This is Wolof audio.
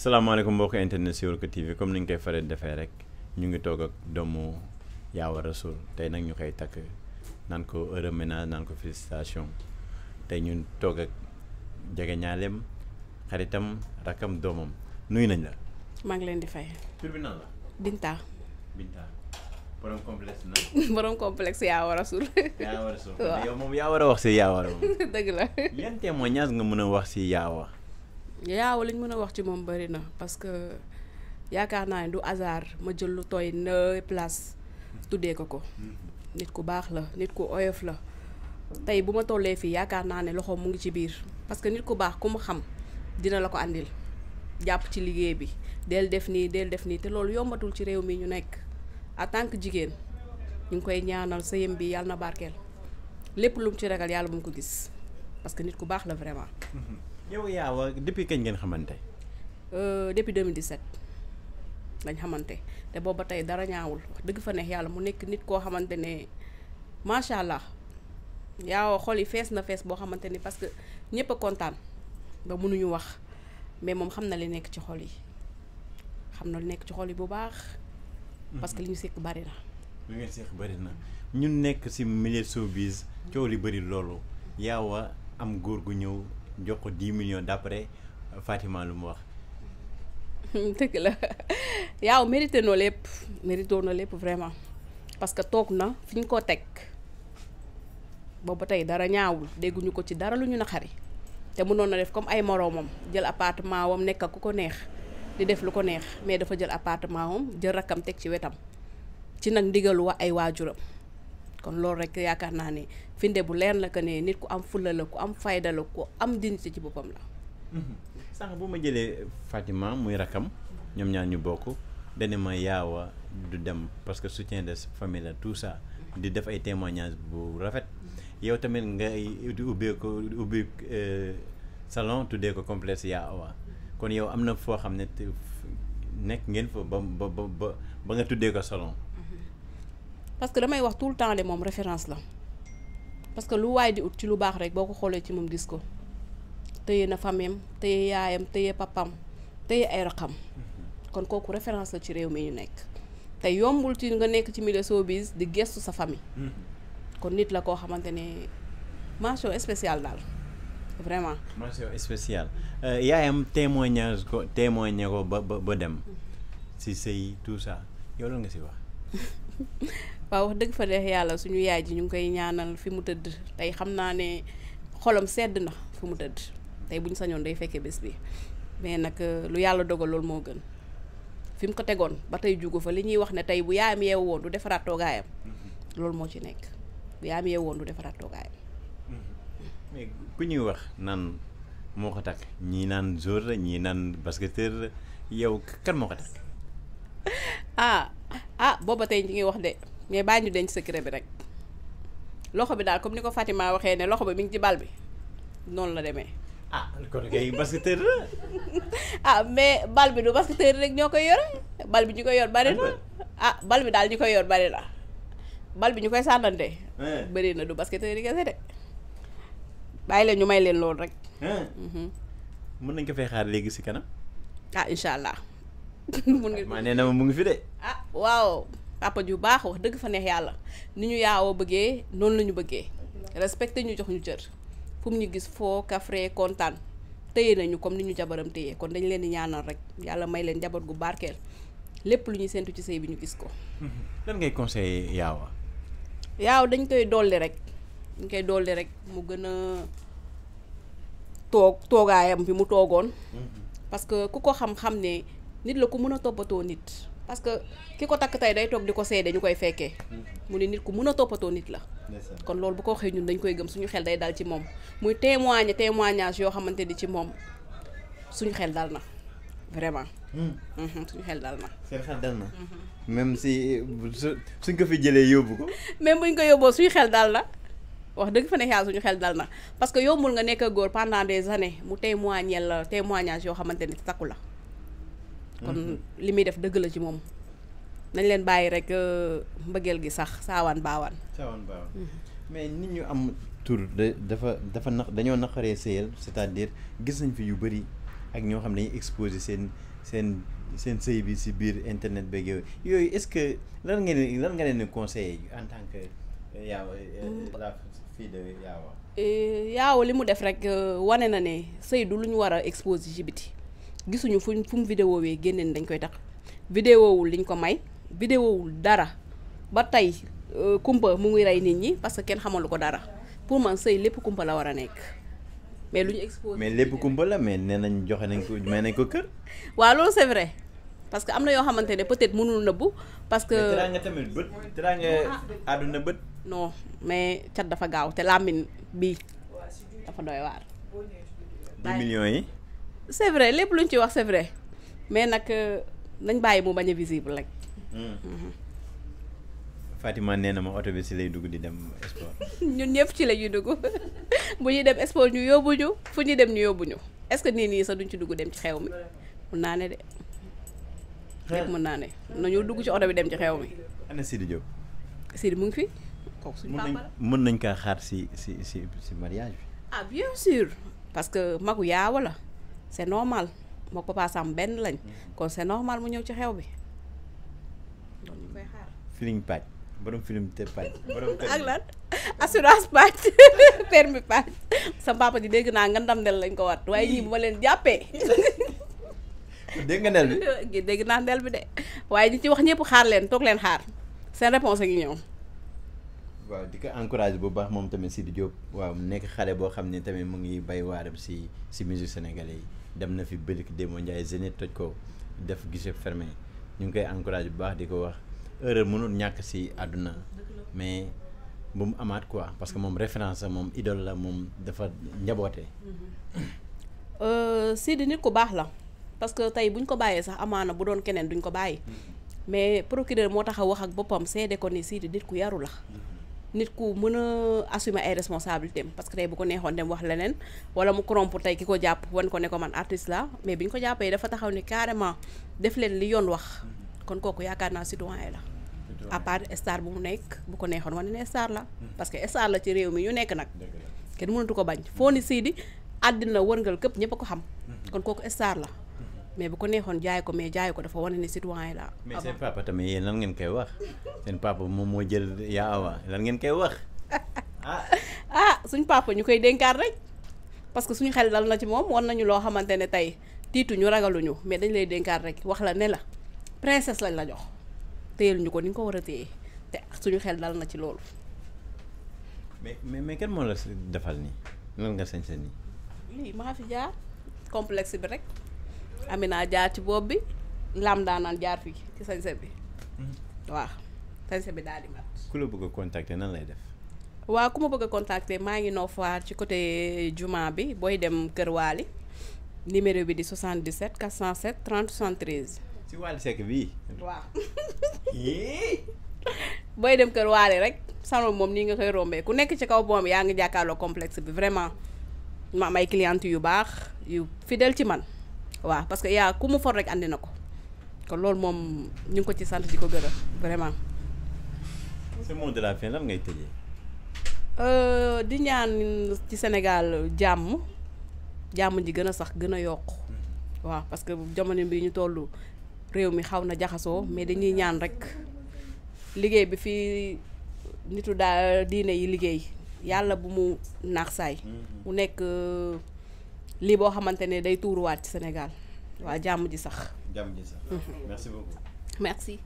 Assalamualaikum mbokk internet si ko TV comme ni ñu koy faral defee rek ñu ngi toog ak doomu Yaawa Rasoul tay nak ñu koy tak nan ko heureux ménage nan ko félicitation tay ñun toog ak jege ñalem xaritam rakam domam nuy nañ la. ma ngi leen di fay. tur bi nan la. Binta. Binta borom complexe na. borom complexe Yaawa Rasoul. Yaawa Rasoul yow mom yaa war wax ci Yaawa deug la. témoignage nga mëna wax ci yaaw lañ mën a wax ci moom bëri na parce que yaakaar naa ne du hasard ma jël lu tooy ne place tuddee ko ko. Mm-hmm. nit ku baax la nit ku oyof la tey bu ma tollee fii yaakaar naa ne loxo mu ngi ci biir parce que nit ku baax ku xam dina la ko àndil jàpp ci liggéey bi del def nii del def nii te loolu yombatul ci réew mi ñu nekk en tant que jigéen ñu ngi koy ñaanal sëyam bi yàlla na barkeel lépp lu ci ragal yàlla bu mu ko gis parce que nit ku baax la vraiment. Mm-hmm. yow yaawa depuis kañ ngeen xamante euh, depuis 2017 lañ xamante te booba tey dara ñaawul wax dëgg fa neex yàlla mu nekk nit koo xamante ne macha allah yaawa xol yi fees na fees boo xamante ni parce que ñëpp a kontaan ba mënuñu wax mais moom xam na li nekk ci xol yi xam na li nekk ci xol yi bu baax parce que li ñu sekk bari na li ngeen sekk bari na ñun nekk si milieu sobise coow li bari loolu yaawa am góor gu ñëw jox 10 millions d'après Fatima lu mu wax. deug la yaaw mérité no lepp mérité no lepp vraiment parce que toog na fi ko tek bobu tay dara ñaawul dégguñu ko ci dara lu ñu xari té mënon na def comme ay moroomam jël appartement wam nekk kuko ko neex di def lu ko neex mais dafa jël appartement wam jël rakam tek ci wétam ci nak ndigal wa ay wajuram kon lool rek yaakaar naa ni finde bu la que ne nit ku am fulla la ku am fayda la ku am dignité ci la. Mhm. Fatima muy rakam ñom ñaan ñu ma yaawa du parce que soutien de famille tout ça di def ay témoignages bu rafet yow tamit di ko euh, salon tudé ko complexe yaawa kon yow am fo foo ngeen ba nga salon. Mhm. parce que damay wax tout le temps les mom référence la. parce que lu waay di ut ci lu baax rek boo ko xoolee ci moom gis ko téye na famem téye yaayam téye papam téye ay raqam mhm. kon kooku référence la ci réew mi ñu nekk te yombul ci nga nekk ci milieu showbiz di gestu sa famille mhm. kon nit la koo xamante ne mention spéciale daal vraiment mention spéciale euh, yaayam témoignage ko témoigné ko ba ba ba dem mhm. si sëy tout yow lan nga si wax waaw dëgg fa de yàlla suñu yaay ji ñu ngi koy ñaanal fi mu tëdd tey xam naa ne xolam sedd na fi mu tëdd tey bu sañoon day fekkee bés bi mais nag euh, lu yàlla dogal loolu moo gën fi ko tegoon ba tey jugu fa li ñuy wax ne tey bu yaayam yeewu woon du defaraat toogaayam mm-hmm. loolu moo ci nekk bu yaayam yeewu woon du defaraat toogaayam. Mm-hmm. ku ñuy wax naan moo ko takk ñii naan joueur la ñii naan basketteur la yow kan moo ko takk. Ah, ah booba tey ñu ngi wax de. mais bàyyi ñu denc secret bi rek loxo bi daal comme ni ko Fatima waxee ne loxo bi mu ngi ci bal bi noonu la demee. ah kon kay basketteur la. ah mais bal bi du basketteur rek ñoo koy yore bal bi ñu koy yor bari na ah, ah bal bi daal ñu koy yor bari na bal bi ñu koy sànnante. Eh. bëri na du basketteur yi kese de bàyyi leen ñu may leen loolu rek. Eh. Mhm. mën nañ ko fay xaar léegi si kanam. ah incha allah. mun ngeen maa mu ngi fi de. ah waaw. papa yu baax wax dëgg fa neex yàlla ni ñu yaawoo bëggee noonu la ñu bëggee respecté ñu jox ñu cër fu mu ñu gis foo kafre kontaan téye nañu comme ni ñu jabaram téye kon dañ leen di ñaanal rek yàlla may leen jabar gu barkeel lépp lu ñuy séntu ci sëy bi ñu gis ko. Mhm. lan ngay conseiller yaawa. yaaw dañ koy dolli rek dañ koy dolli rek mu gën a toog toogaayam bi mu toogoon. Mhm. parce que ku ko xam-xam ne nit la ku mën a toppatoo nit. parce que ki ko takk tey day toog di ko seede ñu koy fekkee mu ne nit ku mun a toppatoo nit la kon loolu bu ko waxee ñun dañ koy gëm suñu xel day dal ci moom muy témoigner témoignage yoo xamante ni ci moom suñu xel dal na vraiment hmm. mhm, suñu xel dal na suñu xel dal na mhm. même si suñ ko fi jëlee yóbbu ko même buñ ko yóbboo suñu xel dal na wax dëgg fa ne su suñu xel dal na parce que yombul nga nekk góor pendant de années mu témoigner la témoignage yoo xamante ni takku la kon mhm. li muy def dëgg la ci moom nañ leen bàyyi rek euh, mbëggeel gi sax saawaan baawaan saawaan baawaan mhm. mais nit ñu am tur de dafa dafa nax dañoo naqaree sëyal cest gis nañ fi yu bëri ak ñoo xam ne dañuy seen seen seen sëy bi si biir internet beeg yooyu yooyu est-ce que lan ngeen lan nga leen conseillé en tant que euh, yaawa euh, la li mu def rek wane na ne sëy du lu ñu war a exposé ci biti gisuñu fuñ fu mu génnee ni dañ koy tax vidéowul liñ ko may vidéowul dara ba tey euh, kumpa mu ngi rey nit ñi parce que kenn xamalu ko dara pour man sëy lépp kumpa la war a nekk mais lu ñu exposé mais lépp kumpa la mais nee nañ joxe nañ ko may nañ ko kër waaw loolu c'est vrai parce que am na yoo xamante ne peut-être mënul nëbbu parce que teraanga tamit bët àdduna bët non mais cat dafa gaaw te làmmiñ bi dafa doy waar 10 millions yi c'est vrai lépp luñ ci wax c'est vrai mais nag euh, nañ bàyyi mu bañ a visible rek. Mm-hmm. Fatima nee na ma oto bi si lay dugg di dem sport. ñun ñëpp ci la dugg bu ñuy dem sport ñu yóbbu fu ñuy dem ñu yóbbu est-ce que nii nii sommes duñ ci dugg dem ci xew mi mun naa ne de. lépp mun ne nañu dugg ci oto bi dem ci xew mi. ana Sidi Diop. Sidi mu ngi fi. kooku suñu mën nañ kaa xaar sommes si si mariage ah bien sûr parce que magu yaawa la. c'est normal mook papa sam ben lañ kon c'est normal mu ñew ci xew bi koy xaar feeling pat borom film te pat borom ak lan assurance pat permis pat sa papa di dégg na nga ndam del lañ ko wat way ñii bu ma leen jappé dégg nga ndel bi dégg na ndel bi de way ñi ci wax ñepp xaar leen tok leen xaar seen réponse ak ñew waaw di ko encourage bu baax mom tamit sidi Diop waaw nek xalé bo xamni tamit mu ngi bay waram si ci musique sénégalais dem na fi bëlik démo Ndiaye Zénith toj ko def guichet fermé ñu ngi koy encouragé bu baax di ko wax erreur mënul ñàkk si àdduna mais bu mu amaat quoi parce que moom référence la moom idole la moom dafa njaboote mm-hmm. euh, Sidi nit ku baax la parce que tey buñ ko bàyyee sax amaana bu doon keneen duñ ko bàyyi mm-hmm. mais procureur moo tax a wax ak boppam seede ko ni Sidi nit ku yaru la mm-hmm. nit ku mën a assumer ay responsabilités parce que tey bu ko neexoon dem wax leneen wala mu corrompre tey ki ko jàpp wan ko ne ko man artiste la mais bi ñu ko jàppee dafa taxaw ni carrément def leen li yoon wax kon kooku yaakaar naa citoyen la à part star bu mu nekk bu ko neexoon wane ne star la parce que star la ci réew mi ñu nekk nag kenn mënatu ko bañ foo ni Sidi àddina wërngal këpp ñëpp a ko xam kon kooku star la mais bu ko neexoon jaay ko mais jaay ko dafa wane ne citoyen la mais ah seen papa tamit yéen lan ngeen koy wax seen papa moom moo jël yaa awa lan ngeen koy wax ah ah suñ papa ñu koy dénkaat rek parce que suñu xel dal na ci moom war nañu loo xamante ne tey tiituñu ragaluñu mais dañ lay dénkaat rek wax la ne la princesse lañ la jox téyel ñu ko ni nga ko war a téye te suñu xel dal na ci loolu mais mais mais kenn moo la defal nii lan nga sañ sa nii lii fi jaar complexe bi rek Amina jaar ci bopp bi Lam daanaan jaar fii ci sañse bi mhm. waaw sañse bi daal di mat. ku la bëgg a na lay def. waaw ku ma bëgg a maa ngi noo foire ci côté juma bi booy dem Kër Waali numéro bi di 77 407 30 73. ci Waali Seck bi waaw. booy dem Kër Waali rek salon moom nii nga koy rombee ku nekk ci kaw boom yaa ngi jàkkaarloo complexe bi vraiment ma am ay yu baax yu fidèle ci man. waaw parce que yaa ku mu for rek andi na ko kon loolu moom ñu ngi ko ci sant di ko gërëm vraiment. c'est mot de la fin ngay tëjee. Euh, di ñaan ci senegal jàmm jàmm ji gën a sax gën a yokk hmm. waa parce que jamono bi ñu toll réew mi xaw na jaxasoo mais dañuy ñaan rek liggéey bi fii nitu daa diine yi liggéey yàlla bu mu naax saay hmm. mu nekk. Euh, li bo xamantene day day tuuruwaat ci Sénégal Wa jamm ji sax. jamm ji sax. Mm-hmm. merci beaucoup. merci.